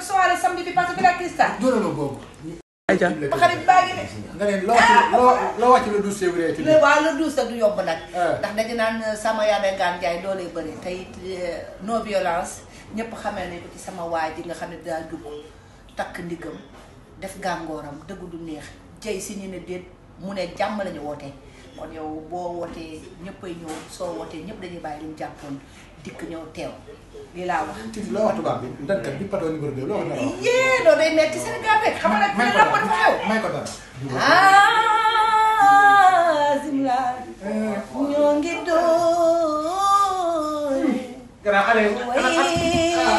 dem soirée samedi bi parce boobu. ayca ba xarit baa ngi ne. nga ne loo loo loo wàcc le douze février. tuuti waaw le douze du yomb nag. ndax dañu naan sama yaay gaan jaay doole yu bëri tey non violence ñëpp xamee nañu ko ci sama waay ji nga xam ne daa dugg takk ndigam def gàngooram dëgg du neex jëy si ñu ne déet mu ne jàmm lañu wootee. kon yow boo wootee ñëppay ñëw soo wootee ñëpp dañuy bàyyi luñ jàppoon dikk ñëw teew lii laa wax. ci loo wax tubaab bi ndànk bi patoo numéro 2 loo ko dara wax. yee doo day metti Sénégal rek xam nga nag may ko dara may ko dara. Azimla ah, ñoo ngi doon. gannaaw allez. Ah, ah,